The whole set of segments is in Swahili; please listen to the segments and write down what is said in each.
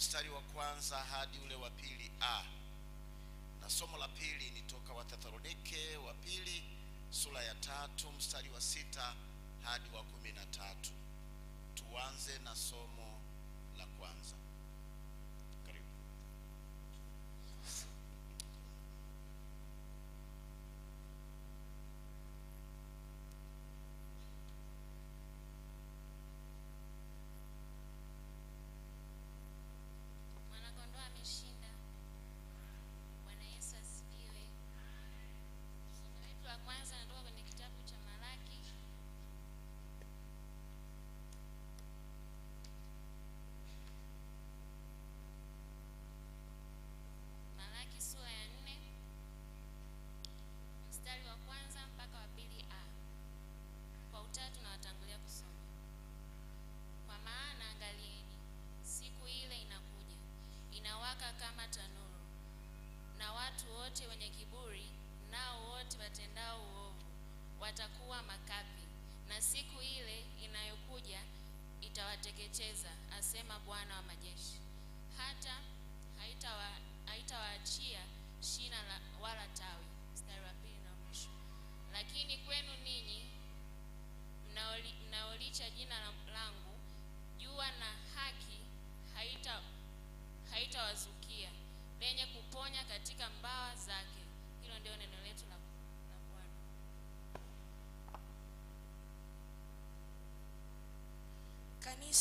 mstari wa kwanza hadi ule wa pili a na somo la pili ni toka Wathesalonike wa pili sura ya tatu mstari wa sita hadi wa kumi na tatu. Tuanze na somo la kwanza.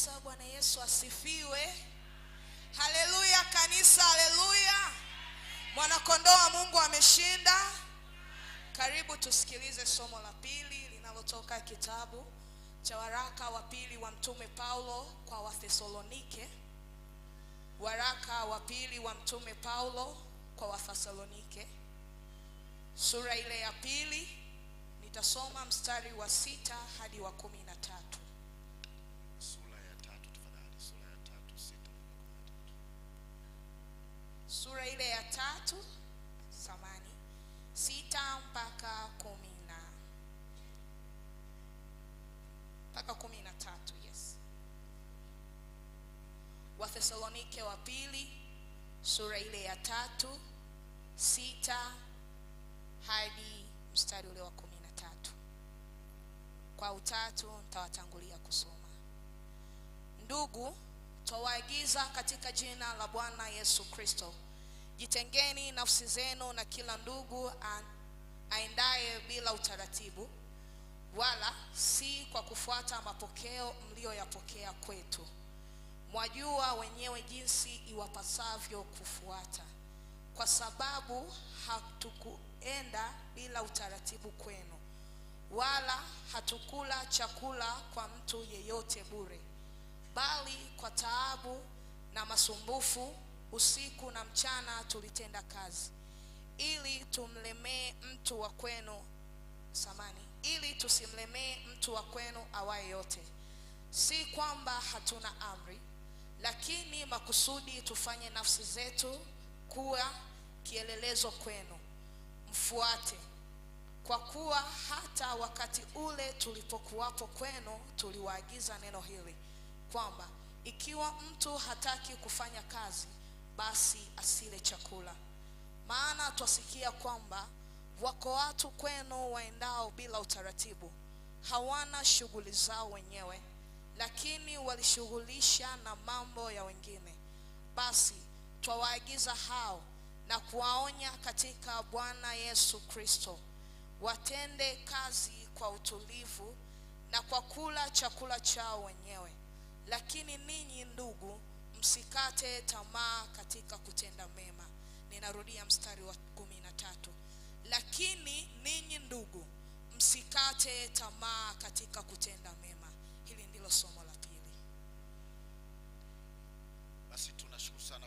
kabisa. Bwana Yesu asifiwe. Haleluya kanisa, haleluya. Mwanakondoo wa Mungu ameshinda. Karibu tusikilize somo la pili linalotoka kitabu cha waraka wa pili wa mtume Paulo kwa Wathesalonike. Waraka wa pili wa mtume Paulo kwa Wathesalonike, sura ile ya pili, nitasoma mstari wa sita hadi wa kumi na tatu. sura ile ya tatu samani sita mpaka kumi na mpaka kumi na tatu yes. Wathesalonike wa pili sura ile ya tatu sita hadi mstari ule wa kumi na tatu kwa utatu nitawatangulia kusoma. Ndugu, twawaagiza katika jina la Bwana Yesu Kristo Jitengeni nafsi zenu na kila ndugu aendaye bila utaratibu, wala si kwa kufuata mapokeo mliyoyapokea kwetu. Mwajua wenyewe jinsi iwapasavyo kufuata, kwa sababu hatukuenda bila utaratibu kwenu, wala hatukula chakula kwa mtu yeyote bure, bali kwa taabu na masumbufu usiku na mchana tulitenda kazi ili tumlemee mtu wa kwenu samani, ili tusimlemee mtu wa kwenu awaye yote. Si kwamba hatuna amri, lakini makusudi tufanye nafsi zetu kuwa kielelezo kwenu, mfuate. Kwa kuwa hata wakati ule tulipokuwapo kwenu, tuliwaagiza neno hili kwamba ikiwa mtu hataki kufanya kazi basi asile chakula. Maana twasikia kwamba wako watu kwenu waendao bila utaratibu, hawana shughuli zao wenyewe, lakini walishughulisha na mambo ya wengine. Basi twawaagiza hao na kuwaonya katika Bwana Yesu Kristo, watende kazi kwa utulivu na kwa kula chakula chao wenyewe. Lakini ninyi ndugu msikate tamaa katika kutenda mema. Ninarudia mstari wa kumi na tatu, lakini ninyi ndugu, msikate tamaa katika kutenda mema. Hili ndilo somo la pili. Basi tunashukuru sana.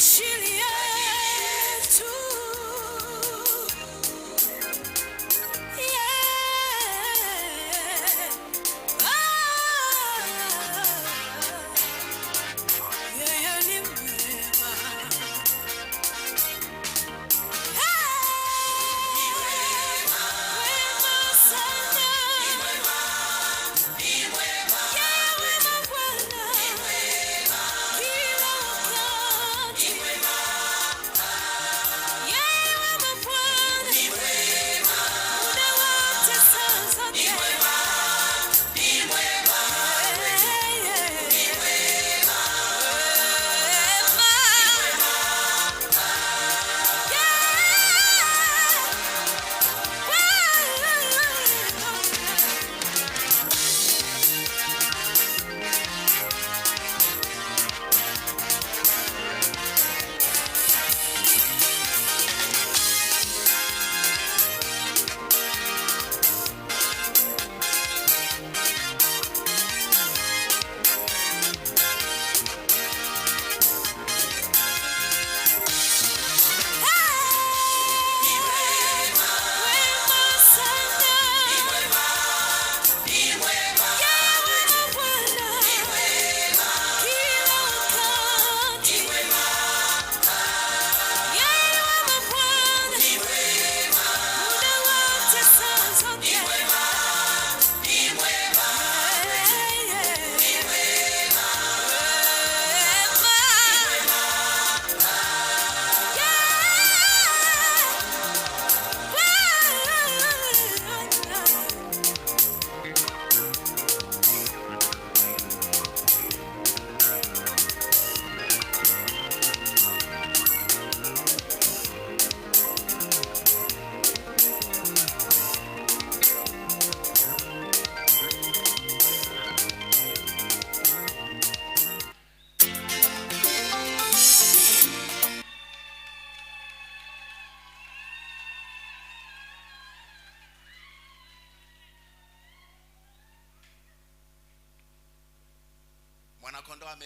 Sicilian.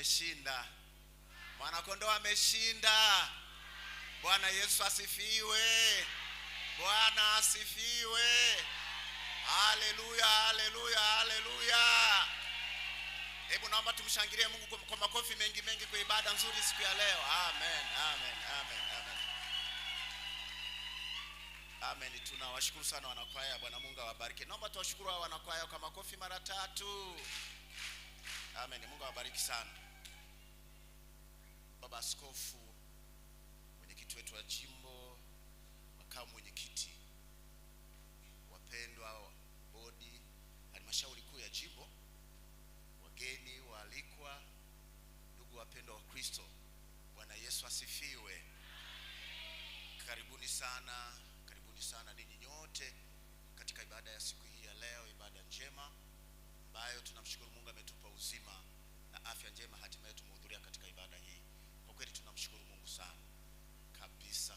ameshinda, mwanakondoo ameshinda. Bwana Yesu asifiwe, Bwana asifiwe. Haleluya, haleluya, haleluya. Hebu naomba tumshangilie Mungu kwa makofi mengi mengi kwa ibada nzuri siku ya leo. Amen, amen, amen, amen. Amen. Tunawashukuru sana wanakwaya, Bwana Mungu awabariki. Naomba tuwashukuru hawa wanakwaya kwa makofi mara tatu. Amen. Mungu awabariki sana baba askofu, mwenyekiti wetu wa jimbo, makamu mwenyekiti, wapendwa bodi, halmashauri kuu ya jimbo, wageni waalikwa, ndugu wapendwa wa Kristo, Bwana Yesu asifiwe. Karibuni sana, karibuni sana ninyi nyote katika ibada ya siku hii ya leo, ibada njema ambayo tunamshukuru Mungu ametupa uzima na afya njema, hatimaye tumehudhuria katika ibada hii. Mungu tunamshukuru Mungu sana kabisa.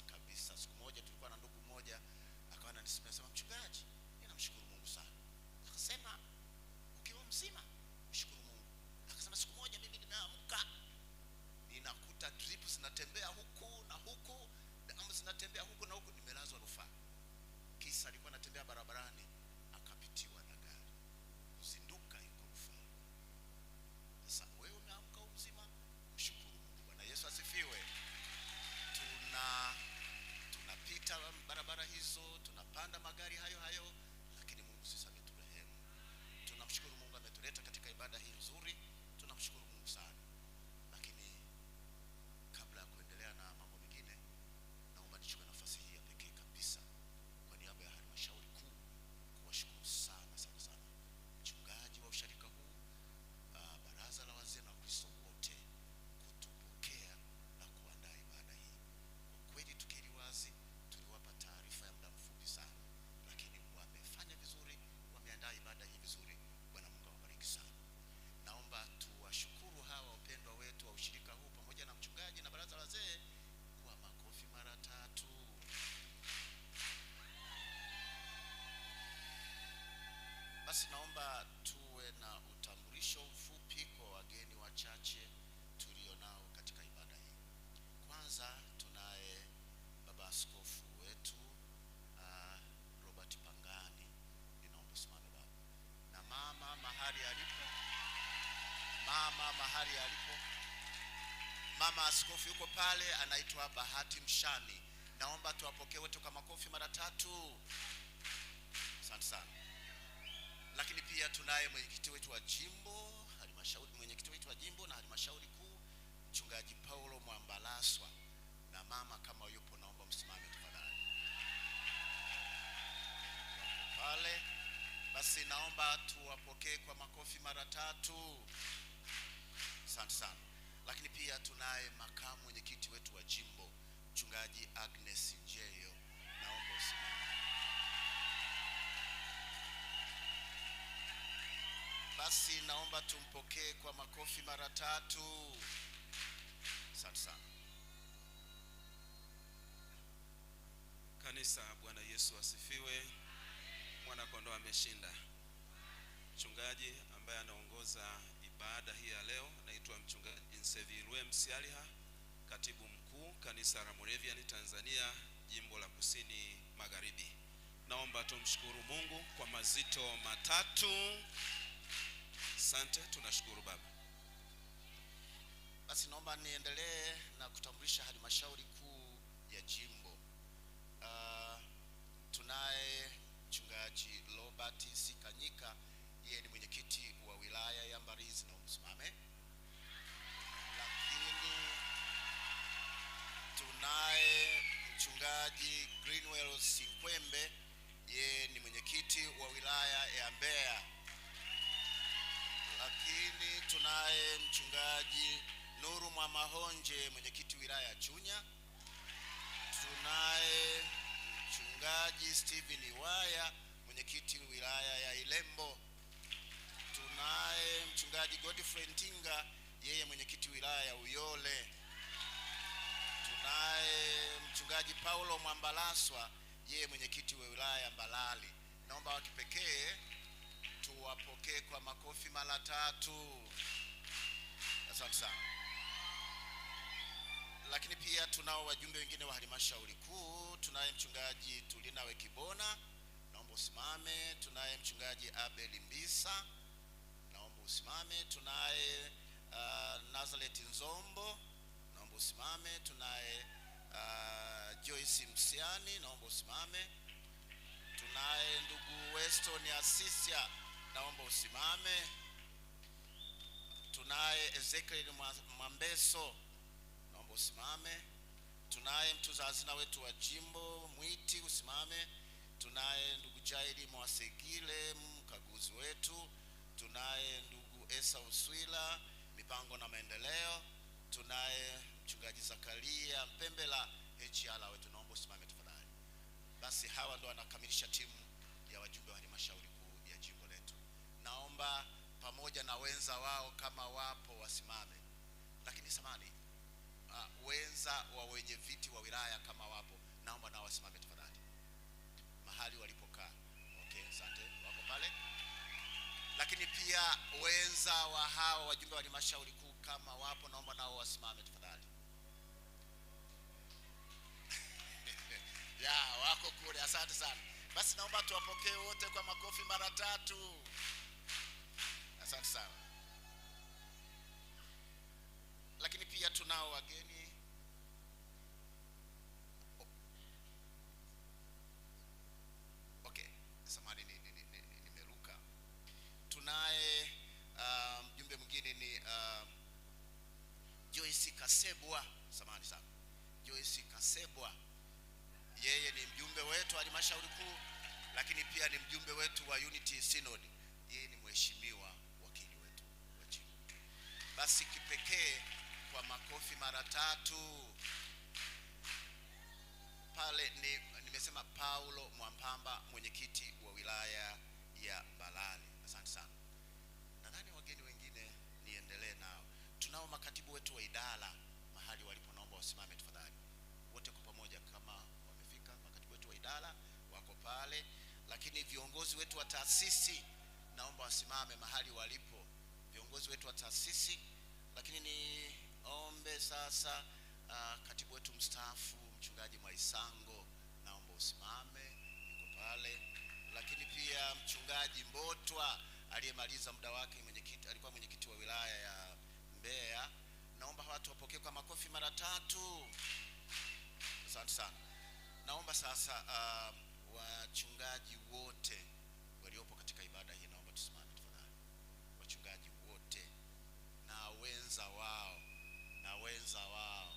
maarufu yuko pale, anaitwa Bahati Mshani. Naomba tuwapokee wote kwa makofi mara tatu. Asante sana. Lakini pia tunaye mwenyekiti wetu wa jimbo halmashauri, mwenyekiti wetu wa jimbo na halmashauri kuu, mchungaji Paulo Mwambalaswa, na mama kama yupo, naomba msimame tafadhali pale. Basi naomba tuwapokee kwa makofi mara tatu. Asante sana lakini pia tunaye makamu mwenyekiti wetu wa jimbo mchungaji Agnes Jeyo, naomba usimame. Basi naomba tumpokee kwa makofi mara tatu. Asante sana kanisa. Bwana Yesu asifiwe. Mwana kondoo ameshinda. Mchungaji ambaye anaongoza baada hii ya leo. Naitwa mchungaji Nsevirwe Msialiha, katibu mkuu kanisa la Moravian Tanzania jimbo la kusini magharibi. Naomba tumshukuru Mungu kwa mazito matatu. Asante, tunashukuru Baba. Basi naomba niendelee na kutambulisha halmashauri kuu ya jimbo. Uh, tunaye mchungaji Robert Sikanyika yeye ni mwenyekiti wa wilaya ya Mbarizi, na usimame. Lakini tunaye mchungaji Greenwell Sikwembe, yeye ni mwenyekiti wa wilaya ya Mbeya. Lakini tunaye mchungaji Nuru Mwamahonje, mwenyekiti wilaya ya Chunya. Tunaye mchungaji Steven Iwaya, mwenyekiti wilaya ya Ilembo tunaye mchungaji Godfrey Ntinga, yeye mwenyekiti wilaya ya Uyole. Tunaye mchungaji Paulo Mwambalaswa, yeye mwenyekiti wa wilaya ya Mbalali. Naomba wa kipekee tuwapokee kwa makofi mara tatu. Asante sana. Lakini pia tunao wajumbe wengine wa halmashauri kuu. Tunaye mchungaji Tulina Wekibona, naomba usimame. Tunaye mchungaji Abel Mbisa usimame. Tunaye uh, Nazareth Nzombo, naomba usimame. Tunaye uh, Joyce Msiani, naomba usimame. Tunaye ndugu Weston Asisia, naomba usimame. Tunaye Ezekiel Mwambeso, naomba usimame. Tunaye za hazina wetu wa jimbo Mwiti, usimame. Tunaye ndugu Jairi Mwasegile, mkaguzi wetu. Tunaye ndugu Esa Uswila, mipango na maendeleo. Tunaye mchungaji Zakaria Mpembela HLA wetu, naomba usimame tafadhali. Basi hawa ndo wanakamilisha timu ya wajumbe wa halmashauri kuu ya jimbo letu. Naomba pamoja na wenza wao kama wapo wasimame, lakini samani uh, wenza wa wenye viti wa wilaya kama wapo, naomba nao wasimame tafadhali mahali walipokaa. Okay, asante, wako pale lakini pia wenza wa hawa wajumbe wa halmashauri kuu kama wapo, naomba nao wasimame tafadhali. ya wako kule, asante sana. Basi naomba tuwapokee wote kwa makofi mara tatu. Asante sana. Lakini pia tunao wageni Kasebwa, samahani sana, Joyce Kasebwa, yeye ni mjumbe wetu wa halmashauri kuu, lakini pia ni mjumbe wetu wa Unity Synod. Yeye ni mheshimiwa wakili wetu wa Basi kipekee kwa makofi mara tatu pale ni, nimesema Paulo Mwampamba mwenyekiti wa wilaya ya Mbalali. Asante sana. tunao makatibu wetu wa idara mahali walipo, naomba wasimame tafadhali wote kwa pamoja, kama wamefika. Makatibu wetu wa idara wako pale, lakini viongozi wetu wa taasisi naomba wasimame mahali walipo, viongozi wetu wa taasisi. Lakini niombe sasa, uh, katibu wetu mstaafu mchungaji Mwaisango naomba usimame, yuko pale. Lakini pia mchungaji Mbotwa aliyemaliza muda wake, mwenyekiti alikuwa mwenyekiti wa wilaya ya Mbeya. Naomba watu wapokee kwa makofi mara tatu. Asante sana. Naomba sasa uh, wachungaji wote waliopo katika ibada hii naomba tusimame tafadhali. Wachungaji wote na wenza wao na wenza wao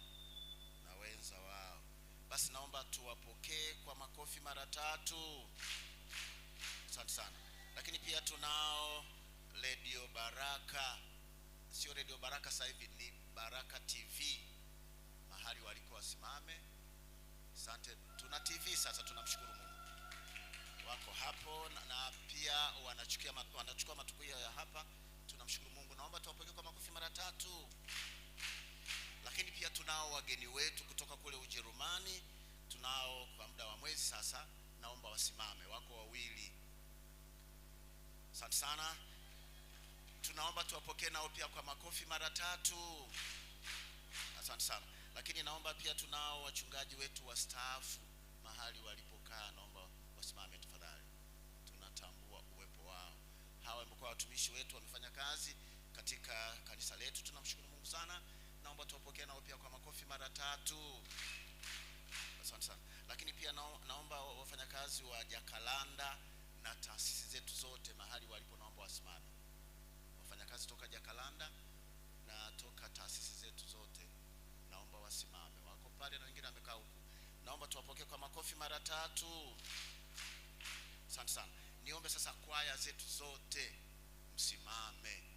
na wenza wao, basi naomba tuwapokee kwa makofi mara tatu. Asante sana. Lakini pia tunao Radio Baraka sio redio Baraka sasa hivi ni Baraka TV, mahali walikuwa wasimame. Asante, tuna TV sasa, tunamshukuru Mungu wako hapo na, na pia wanachukua wanachukua matukio ya hapa, tunamshukuru Mungu. Naomba tuwapokee kwa makofi mara tatu. Lakini pia tunao wageni wetu kutoka kule Ujerumani, tunao kwa muda wa mwezi sasa. Naomba wasimame, wako wawili. Asante sana. Tunaomba tuwapokee nao pia kwa makofi mara tatu. Asante sana. Lakini naomba pia, tunao wachungaji wetu wastaafu mahali walipokaa, naomba wasimame tafadhali. Tunatambua uwepo wao. Hawa wamekuwa watumishi wetu, wamefanya kazi katika kanisa letu, tunamshukuru Mungu sana. Naomba tuwapokee nao pia kwa makofi mara tatu. Asante sana. Lakini pia naomba wafanyakazi wa Jakalanda na taasisi zetu zote mahali walipo, naomba wasimame wafanyakazi toka Jakalanda na toka taasisi zetu zote, naomba wasimame, wako pale na wengine wamekaa huku. Naomba tuwapokee kwa makofi mara tatu. Asante sana. Niombe sasa kwaya zetu zote msimame.